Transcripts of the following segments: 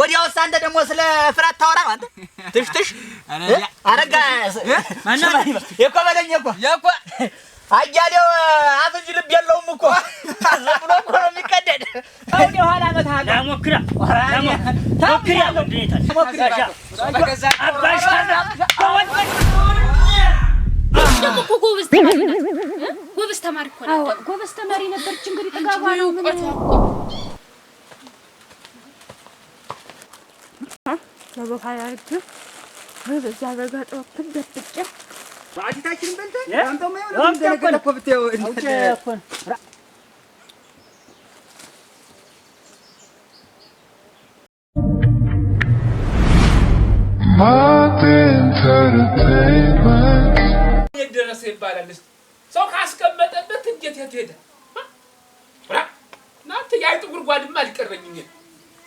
ወዲያው አንተ ደግሞ ስለ ፍራት ታወራ አንተ ትሽ ትሽ አረጋ እኮ በለኝ እኮ እኮ አያሌው አፍ እንጂ ልብ የለውም እኮ ዝብሎ እኮ ነው የሚቀደድ። አሁን የኋላ አመታለ ሞክራ ሞክራ ሞክራ አባሻ ደግሞ እኮ ጎበዝ ተማሪ ናት። ጎበዝ ተማሪ እኮ ናት። ጎበዝ ነው በቦካ ያርግ በዛ በጋ ጥሮክን ደብቄ አጂታችንን በልተን የደረሰ ይባላል። ሰው ካስቀመጠበት እንዴት የት ሄደ? ናት ያይጥ ጉድጓድማ አልቀረኝም።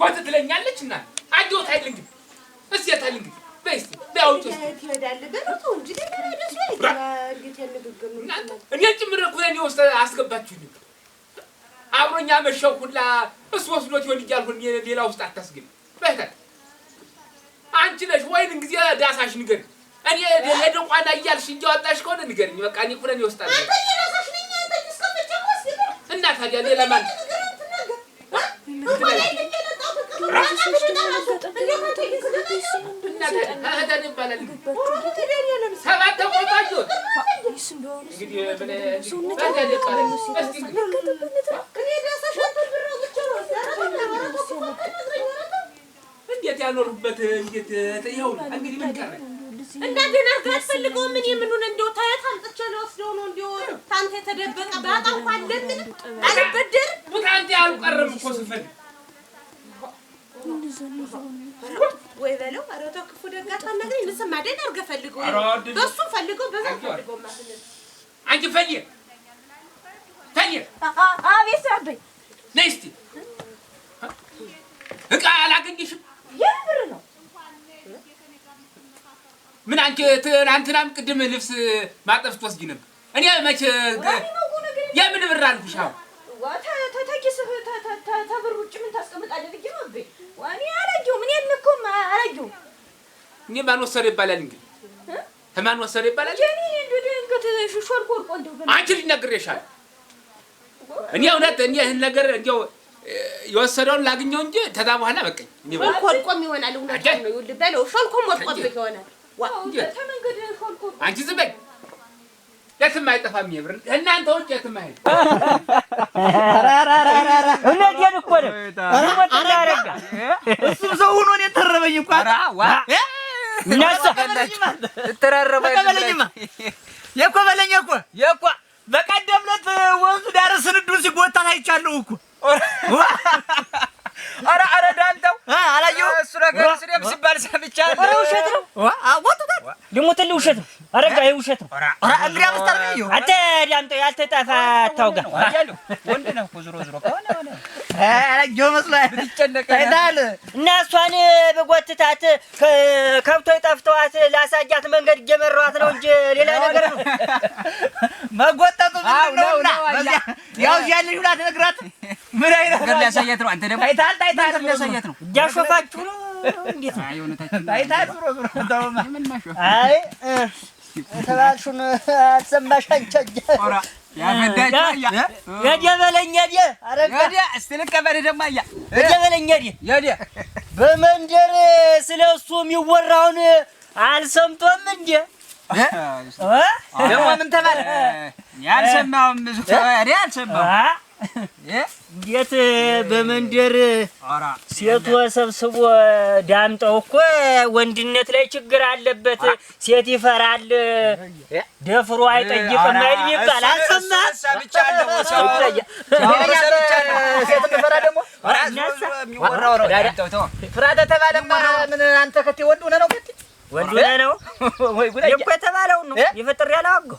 ጎት ትለኛለች እና አጆት አይል እንግዲህ እስኪ የት አይል እንግዲህ በይ እስኪ በያውጭ እኔን ጭምር እኮ እኔ ውስጥ አስገባችሁኝ። አብሮኛ መሻው ሁላ እሱ ወስዶት ይሆን እያልኩኝ ሌላ ውስጥ አታስገቢ። በህታት አንቺ ነሽ ወይን ጊዜ ዳሳሽ ንገሪ። እኔ ለደንቋና እያልሽ እያወጣሽ ከሆነ ንገሪኝ። በቃ እኔ እኮ እኔ ውስጥ አለ እና ታዲያ ሌላ ማለት እንዴት ያኖርበት እንዴት ይኸው እንግዲህ ምን ቀረ? እንደገና አትፈልገው ምን የምኑን እንደው ታያት አምጥቼ ልወስደው ነው። እንደው ታንተ የተደበቀ ባጣ እንኳን አልበደር ሙታንቴ አልቀረም እኮ ስፈልግ ወይ በለው ኧረ ተው ክፉ ደግ አታናግረኝ። ንስማ ደግ አድርገህ ፈልገው፣ በእሱም ፈልገው፣ በዛም ፈልገው። አንቺ ፈልዬ ፈልዬ አቤት ስራበኝ። ነይ እስኪ ዕቃ አላገኘሽም? የምን ነው? ምን አንቺ ትናንትናም ቅድም ልብስ ማጠብ ትወስጂ ነበር። እኔ መቼ የምን ብር አልኩሽ? አሁን ተኪስህ ተብር ውጭ ምን ታስቀምጣለህ ብዬሽ ነው። እኔ አላየሁም። እኔ የለኩም አላየሁም። እኔ ማን ወሰደ ይባላል እንግዲህ ማን ወሰደ ይባላል። እኔ እንደው ድንገት ሾልኮ ወርቆ እንደው አንቺ ልጅ እኔ እውነት እኔ ይህን ነገር እንደው የወሰደውን ላግኘው እንጂ ተዛ በኋላ በቃኝ። ሾልኮ ይሆናል። እውነት ነው። ይኸውልህ ሾልኮም ወርቆም ይሆናል። አንቺ ዝም በይ የትም አይጠፋም። የብር እናንተ ውጭ የትም አይሄድ። እውነቴን እኮ ነው። እሱም ሰው ሆኖ እኔን ተረበኝ እኮ የኮበለኝ እኮ የኮ በቀደም ዕለት ወንዙ ዳር ስንዱን ሲጎታ አይቻለሁ እኮ ኧረ ኧረ ዳንተው አላየሁም። እሱ ነገር ስደብ ሲባል ሰምቻለሁ። ኧረ ውሸት ነው። አወጡታል ደግሞ ትልቅ ውሸት ነው። ኧረ ጋር ውሸት ነው። ኧረ እንግዲህ አምስት አድርገህ አንተ ዳንተው ያልተጠፋ ታውጋ ወንድ ነህ እኮ ዞሮ ዞሮ እና እሷን በጎትታት ከብቶ ጠፍተዋት ላሳጃት መንገድ እየመራኋት ነው እንጂ ሌላ ነገር ነው መጎጠጡ ምንድን ነው? እና ያው እያለሽ ሁላ ትነግራት ምን አይነት ነገር ሊያሳያት ነው? አንተ ደግሞ ታይታል ታይታል ሊያሳያት ነው። እያሾፋችሁ በመንደር ስለ እሱ የሚወራውን አልሰምቶም እንዴ? ደግሞ ምን ተባለ? አልሰማሁም እንዴት በመንደር ሴቱ ሰብስቦ ዳምጠው እኮ ወንድነት ላይ ችግር አለበት፣ ሴት ይፈራል፣ ደፍሮ አይጠይቅም አይል ይባል አልሰማህም? አንተ ከቴ ወንድ ነው ወንድ ሆነ ነው እኮ ነው ያለው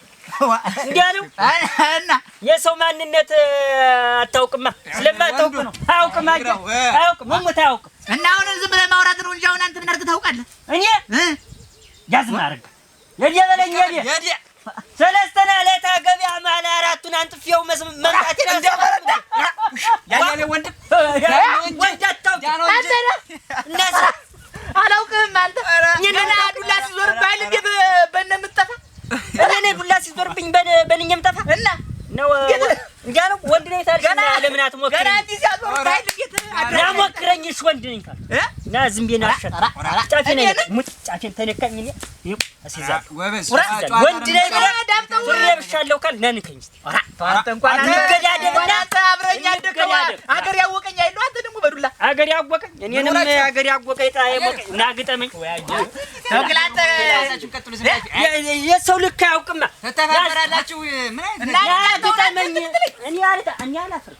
እንዲህ እና የሰው ማንነት አታውቅማ። ስለማታውቅ ነው አያውቅም። አያውቅም መሞት አያውቅም። እና አሁን ዝም ብለህ ማውራት ነው እንጂ አሁን አንተ ምን አድርገህ ታውቃለህ? እኔ ያዝም አድርግ የእኔ በለኝ የእኔ ሰለስተና ዕለት ገበያ መሀል አራቱን አንጥፌው መምጣቴ ነው። ወንድ ወንድ አታውቅም ዝም ብዬሽ ናሸን ጫፌን ሙጥ ጫፌን ተነካኝ። ወንድ ላይ ብሬ ካል ነንከኝ አገር ያወቀኝ አይሉ አንተ ደግሞ በዱላ አገር ያወቀኝ እኔንም አገር ያወቀኝ ጣዬ ሞቀኝ ና ግጠመኝ። የሰው ልክ አያውቅማ። ግጠመኝ እኔ አላፍርም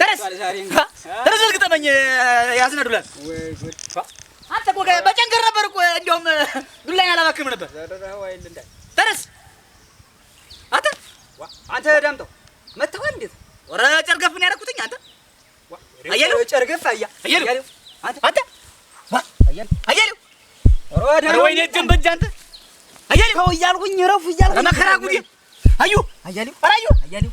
ተነስ ተነስ፣ እርግጠመኝ ያዝና ዱላን አንተ እኮ በጨንገር ነበር እኮ እንዲያውም ዱላኝ አላባክም ነበር። ተነስ አንተ አንተ ዳምጠው መተኸዋል። እንዴት ኧረ ጨርገፍ ነው ያደረኩትኝ። አንተ አያሌው ጨርገፍ አያሌው አንተ አያሌው ወይኔ እጄን በእጅ አንተ አያሌው ተው እያልኩኝ እረፉ እያልኩኝ መከራ ጉዴ አዩ አያሌው ኧረ አዩ አያሌው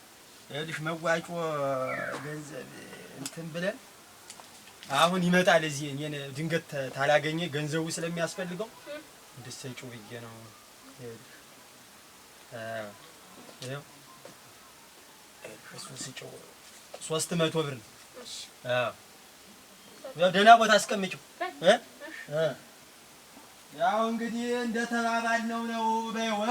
ይኸውልሽ መዋጮ ገንዘብ እንትን ብለን አሁን ይመጣል እዚህ እኔን ድንገት ታላገኘ ገንዘቡ ስለሚያስፈልገው እንድትሰጪው ብዬ ነው። ሶስት መቶ ብር ነው። ደህና ቦታ አስቀምጪው። ያው እንግዲህ እንደተባባልነው ነው በይወ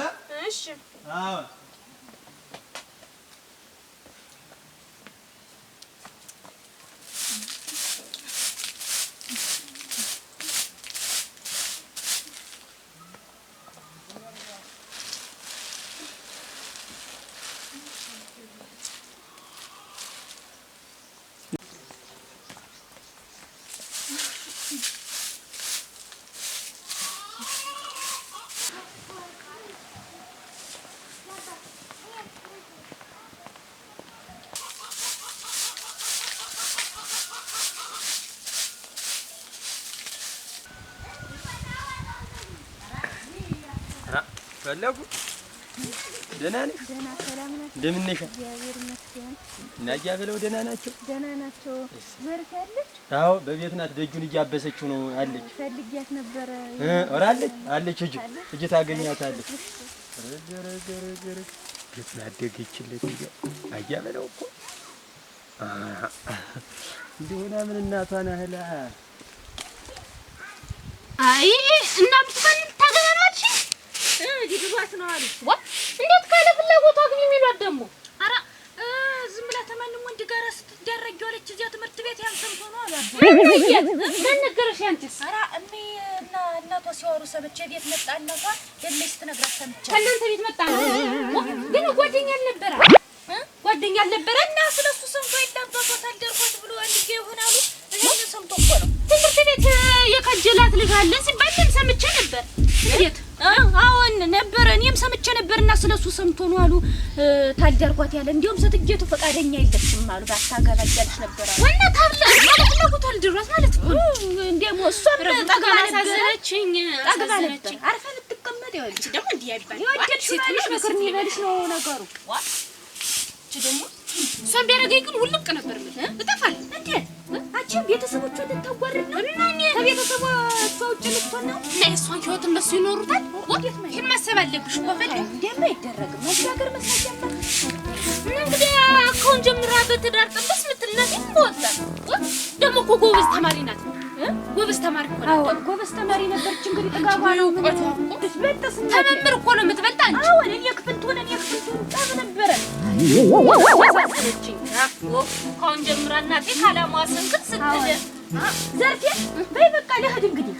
ፈለጉ። ደህና ነሽ? እንደምን ነሽ? እና እያበለው ደህና ናቸው? ደህና ናቸው። መርት አዎ በቤት ናት። ደጁን እያበሰችው ነው አለች። ፈልጊያት ነበረ። ወራለች አለች አለች። ሂጂ ቤት ናደገችለት። እኮ እንደሆነ ምን እናቷን አህላ አይ እንግዲህ ብሏት ነው አሉ። ዋ እንዴት ካለ ፍላጎቷ ግን የሚሏት ደግሞ ኧረ ዝም ብላ ተማንም ወንድ ጋር ስትደረግ ዋለች እዚያ ትምህርት ቤት ያን ሰምቶ ነው አሉ። ነገረሽ አንቺስ? ኧረ እሚ እና እናቷ ሲወሩ ሰምቼ ቤት መጣ። እናቷ የለሽ ስትነግራት ሰምቼ ከእናንተ ቤት መጣ ነው ግን ጓደኛ አልነበረ ጓደኛ አልነበረ እና ስለሱ ሰምቶ የለም በቦታል ብሎ አንድ ጊዜ ይሆናሉ እኔ ሰምቶ እኮ ነው ትምህርት ቤት የከጀላት ልጅ አለ ሲባል ሰምቼ ነበር። እንዴት? አዎን ነበር፣ እኔም ሰምቼ ነበር። ስለሱ ሰምቶ ነው አሉ ታልዳርኳት ያለ እንዲሁም ስትጌቱ ፈቃደኛ የለችም አሉ ባታገባ ነበር አሉ ወና ታብለ ማለት ነው ቁቷል ድረስ ማለት ነው። እንደሞ እሷም ጠግባ አሳዘነችኝ፣ ጠግባ ነበር አርፋ ልትቀመጥ ያለች ደግሞ እንዲህ ያባል ይወደድ ነው ነገሩ ዋ ደግሞ እሷን ቢያደርገኝ ግን ውልቅ ነበር። ምን እጠፋለሁ ቤተሰቦቿ ልታዋርድ ነው? ከቤተሰቦቿ ውጭ ልትሆን ነው? እና የእሷን ህይወት እነሱ ይኖሩታል። ይህን ማሰብ አለብሽ። እንግዲህ አካውን ጀምራ በትዳር ጥብስ ምትልነት ደግሞ እኮ ጎበዝ ተማሪ ናት። ጎበዝ ተማሪ እኮ ነው። ጎበዝ ተማሪ ነበረች። እንግዲህ ጥጋቧ ነው ተመምር እኮ ነው የምትበልጥ አንቺ። አሁን እኔ ክፍል ትሆን እኔ ክፍል ትሆን ነበረ ካሁን ጀምራ እናቴ ካላማዋ ስንክት ስትል ዘርፌ በይ በቃ ልሂድ እንግዲህ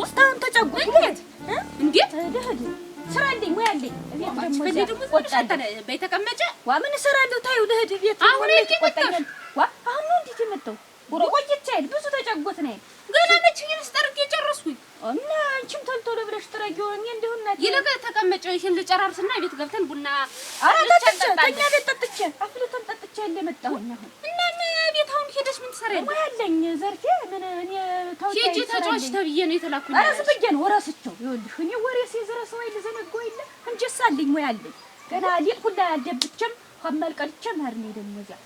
ውስጥ ተጨጉ እንዴት እንዴት ልሂድ ስራ አለኝ ወይ አለኝ ቤት ደግሞ ቆጣ በይ ተቀመጨ ዋ ምን እሰራለሁ ታዩ ልሂድ ቤት አሁን ይሄ ከእኛ ቤት ጠጥቼ አፍልተን ጠጥቼ ያለ የመጣሁኝ አሁን እና ቤት አሁን ሄደሽ ምን ትሰሪያለሽ? ወይ አለኝ ዘርፌ ምን እኔ ሂጂ ተጫዋች ተብዬ ነው የተላኩኝ። ኧረ ዝም ብዬሽ ነው እረስቸው። ይኸውልሽ እኔ ወሬ ሲዝረስ ወይ ልዘነገው የለ እንጀሳ አለኝ ወይ አለኝ ገና ሊጥ ሁላ አልደብቼም ከማልቀልቼም ኧረ ደግሞ እዚያ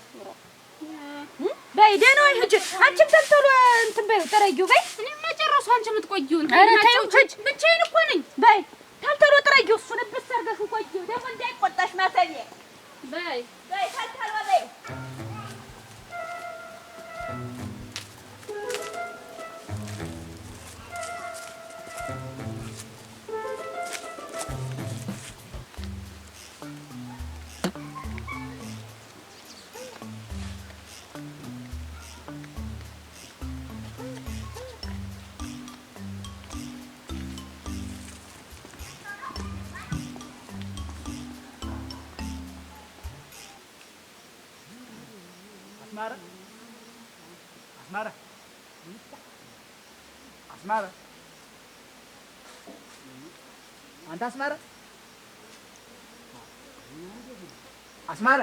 በይ ደህና ሂጂ። አንቺም ተንተሎ እንትን በይው ጥረጊው በይ። እኔማ ጨረሱ። አንቺ የምትቆይው ብቻዬን እኮ ነኝ። በይ ተንተሎ ጥረጊው እሱን ብትሰርገሽ ቆይው ደግሞ እንዳ માં થઈએ દઈ દઈ ખાલ ખાલવા દઈ አስማረ አስማረ አስማረ አንተ አስማረ አስማረ።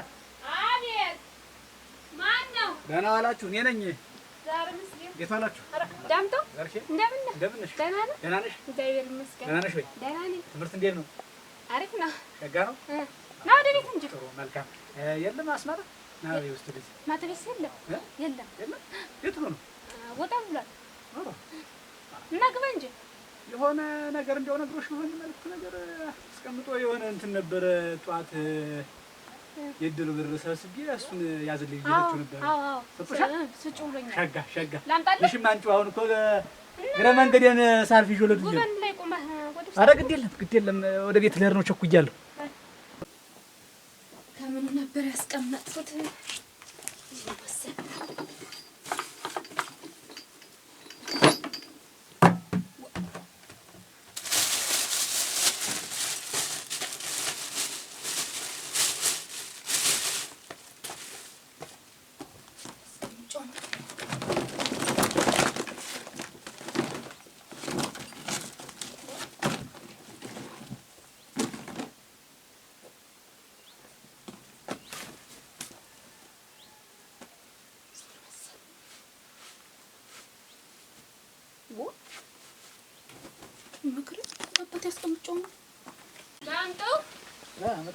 አቤት፣ ማን ነው? ደህና ዋላችሁ? እኔ ነኝ። እንዴት ዋላችሁ? ትምህርት እንዴት ነው? አሪፍ ነው። ሸጋ ነው። ና ወደ ቤት እንጂ። መልካም። የለም አስማረ ማተቤስ የለም የለም። የት ሆኖ ወጣ ብሏል። እና ግባ እንጂ የሆነ ነገር እንዲያው ነግሮሽ ይሆን መልዕክት ነገር አስቀምጦ የሆነ እንትን ነበረ። ጠዋት የድሉ ብር ሰብስቤ እሱን ያዝልኝ ይላችሁ ነበር። ሸጋ ሸጋ ላምጣልሽ። አንቺው አሁን እኮ ግረ መንገዴን ሳልፍ ይዤ ለዱኝ። ኧረ ግድ የለም ግድ የለም። ወደ ቤት ልሄድ ነው ቸኩያለሁ። um, that's what I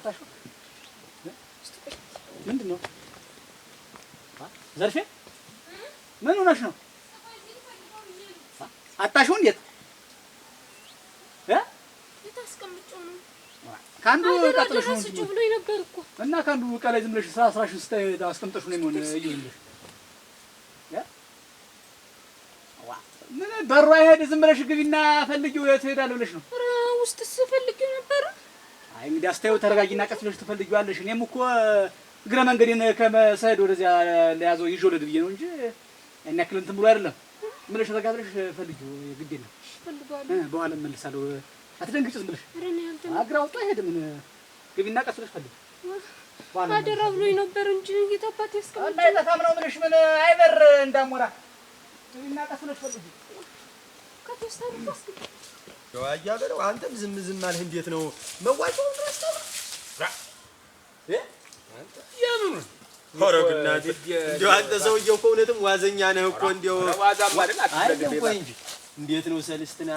የመጣሽው? ምንድን ነው ዘርፌ? ምን ሆነሽ ነው? አጣሽው? እንዴት ከአንዱ ቀጥለሽ ነው ብሎኝ ነበር እኮ እና ከአንዱ ዝም ብለሽ ስራ አስቀምጠሽ ነው የሚሆን። ይኸውልሽ ምን በሯ አይሄድ ዝም ብለሽ ግቢና ፈልጊው የት እሄዳለሁ ብለሽ ነው? ውስጥ ስፈልጊው ነበር አይ እንግዲህ አስተያየው ተረጋጊና ቀስ ብለሽ ትፈልጊዋለሽ። እኔም እኮ እግረ መንገዴን ከመሰሄድ ወደዚያ ለያዘው ይዤው ልሂድ ብዬሽ ነው እንጂ እኔ ያክል እንትን ብሎ አይደለም። ዝም ብለሽ ረጋ ብለሽ ፈልጊው ግዴ ነው። በኋላ እመልሳለሁ። አትደንግጭ። ዝም ብለሽ እግር አውጡ አይሄድም። ግቢና ቀስ ብለሽ ፈልጊው። አደራ ብሎኝ ነበር እንጂ እየተባት ያስቀምጥ እንዳይጠፋም ነው የምልሽ። ምን አይበር እንዳሞራ ግቢና ቀስ ብለሽ ፈልጊው። ሸዋያ በለው አንተም ዝም ዝም አልህ። እንዴት ነው መዋጮው ድረስ አንተ ሰውዬው እኮ እውነትም ዋዘኛ ነህ እኮ እንደው እንዴት ነው ሰልስትና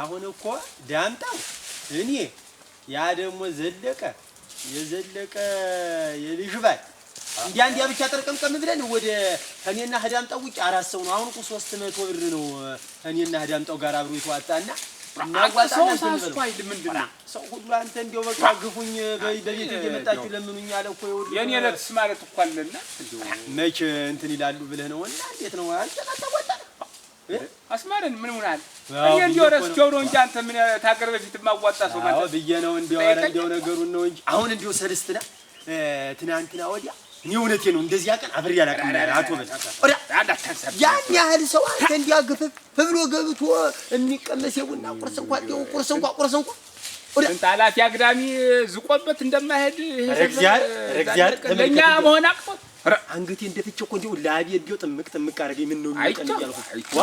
አሁን እኮ ዳምጣው እኔ ያ ደግሞ ዘለቀ የዘለቀ የልጅ ባል እንዲያ እንዲያ ብቻ ጠርቀምቀም ብለን ወደ እኔና ህዳምጣው ውጭ አራት ሰው ነው። አሁን እኮ ሦስት መቶ ብር ነው እኔና ህዳምጣው ጋር አብሮ የተዋጣና ሰው ሳስኳይል ምንድን ነው ሰው ሁሉ አንተ እንደው በቃ ግፉኝ በቤት እየመጣችሁ ለምኑኝ አለ እኮ ይኸውልህ የእኔ ለብስ ማለት እኮ አለና መቼ እንትን ይላሉ ብለህ ነው እና እንዴት ነው አስማርን ምን ሆነ እኔ እንደው እረስ ነው እንጂ አንተ ምን ታገር በፊት ማዋጣ ሰው ማለት ብዬ ነው እንደው ኧረ እንደው ነገሩን ነው እንጂ አሁን እንደው ሰልስትና ትናንትና ወዲያ እኔ እውነቴ ነው። እንደዚያ ቀን አብሬ አላውቅም። አቶ ያን ያህል ሰው አንተ እንዲያ ግፍፍ ብሎ ገብቶ የሚቀመስ የቡና ቁርስ እንኳ እንዲያው ቁርስ እንኳ ቁርስ እንኳ ጣላት ያግዳሚ ዝቆበት እንደማይሄድ ለእኛ መሆን አቅቶት አንገቴ እንደፍቼ እኮ እንዲሁ ላቤ እንዲሁ ጥምቅ ጥምቅ አደረገኝ። ምን ነው የሚቀን እያልኩ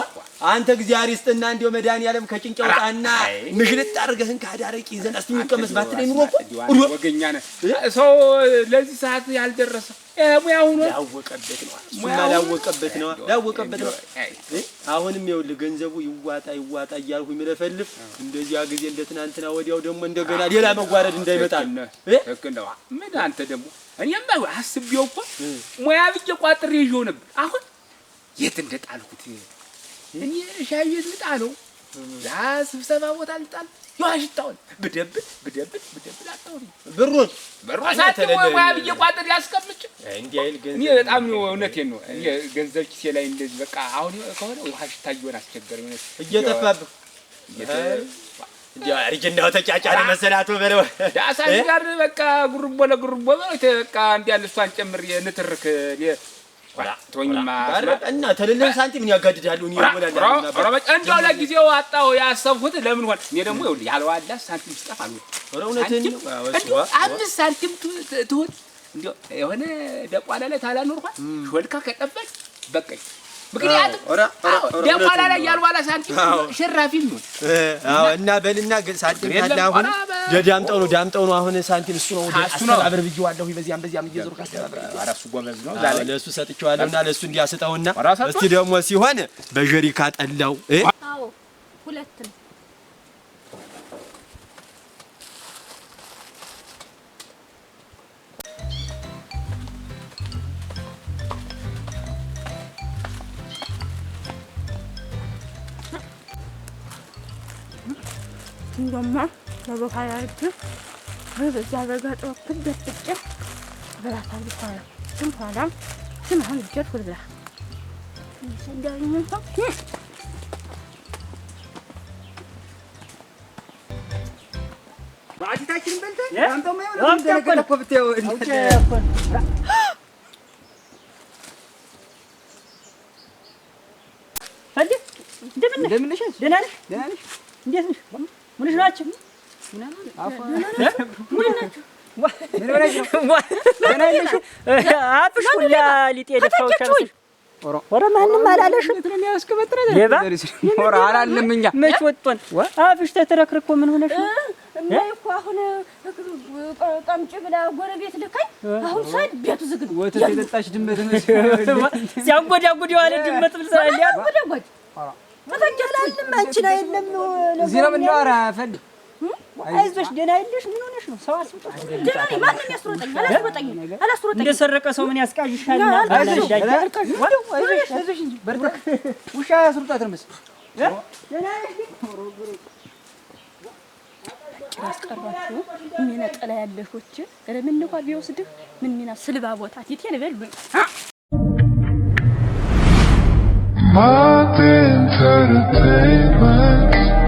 አንተ እግዚአብሔር ይስጥና እንዲሁ መድኃኒዓለም ከጭንቅ ያውጣና ምሽልጥ አድርገህን ከአዳረቂ ይዘን እስቲ የሚቀመስ ባትለኝ ኑሮ እኮ ወገኛ ነህ ሰው ለዚህ ሰዓት ያልደረሰ ሙያ ሆኖ ላወቀበት ነው ሙያ ላወቀበት ነው ላወቀበት ነው። አሁንም ይኸውልህ ገንዘቡ ይዋጣ ይዋጣ እያልኩ የሚለፈልፍ እንደዚያ ጊዜ እንደ ትናንትና ወዲያው ደግሞ እንደገና ሌላ መጓረድ እንዳይመጣ ነው። ትክክል ነው። ምን አንተ ደግሞ እኔም ባው አስቤው እኮ ሙያ ብቻ ቋጥሬ ይዤው ነበር። አሁን የት እንደጣልኩት እኔ ሻይ ቤት ልጣለው፣ ያ ስብሰባ ቦታ ልጣል፣ ያው አሽታውን ብደብል ብደብል ብደብል አጣው ብሩን በሯሳት ሙያ ብዬ ቋጥሬ ያስቀምጭ አይል ገንዘብ እኔ በጣም ነው። እውነቴን ነው። እኔ ገንዘብ ኪሴ ላይ እንደዚህ በቃ አሁን ከሆነ ውሃ ሽታ እየሆን አስቸገረኝ እውነት እየጠፋብህ እንዲያው ተጫጫነ መሰላቱ በለው ዳሳሽ ጋር በቃ ጉርቦ ለጉርቦ በቃ እንዲያል እሷን ጨምር ንትርክ ቶኝማ እና ተልልህን ምን ያጋድዳሉ? እኔ ለጊዜው አጣሁ ያሰብኩት ለምን ሆነ። እኔ ደግሞ ይኸውልህ ያለዋላ ሳንቲም ስጠፍ አልወድም። አምስት ሳንቲም ትሆን እንዲያው የሆነ ደቋላ ላይ ታላኖርኳል ሾልካ ከጠበቅ በቃኝ ምክንያቱም ደቋላ ላይ ያልዋላ ሳንቲም ሸራፊም ነው እና በልና ሳንቲም ካለ አሁን ዳምጠው ነው ዳምጠው ነው አሁን ሳንቲም እሱ ነው አስተባብር ብዬዋለሁ። በዚያም በዚያም እየዞሩ ካስተባብር እሱ ጎበዝ ነው። ለእሱ እንዲያስጠውና እስቲ ደግሞ ሲሆን በጀሪካ ጠላው ሁለት ነው እንደማ ለቦካ ያርግ በዛ በጋ ጥወክል ደጥጭ በራሳ ይባላል ስም ኋላ ስም አሁን እጀት ሁላ እንዳልኝም ሰው እንደምን ነሽ? ደህና ነሽ? እንዴት ነሽ? ምንሽ ናቸው አፍሽ ሁላ ሊጤ የደፋው ኧረ ማንም ተተረክርኮ ምን ሆነሽ ነው? እና እኮ አሁን ቀምጭ ብላ ጎረቤት ልካኝ አሁን ሰዓት ቤቱ ዝግ ነው። ወተት የጠጣች ድመት ሲያንጎዳጉድ የዋለ ድመት አንቺን እዚህ ነው አይዞሽ፣ ደህና የለሽ ምን ሆነሽ ነው? ሰው አስወጣሽ። ደህና ነኝ። ማንም ያስሮጠኝ ሰው ምን ያስቃዥሻል? አይዞሽ፣ አይዞሽ እንጂ በርታ። ውሻ ነው ደህና ነሽ? ያለሾች ኧረ ምን እንኳ ቢወስድህ ምን ሚና ስልባ ቦታ በል alternative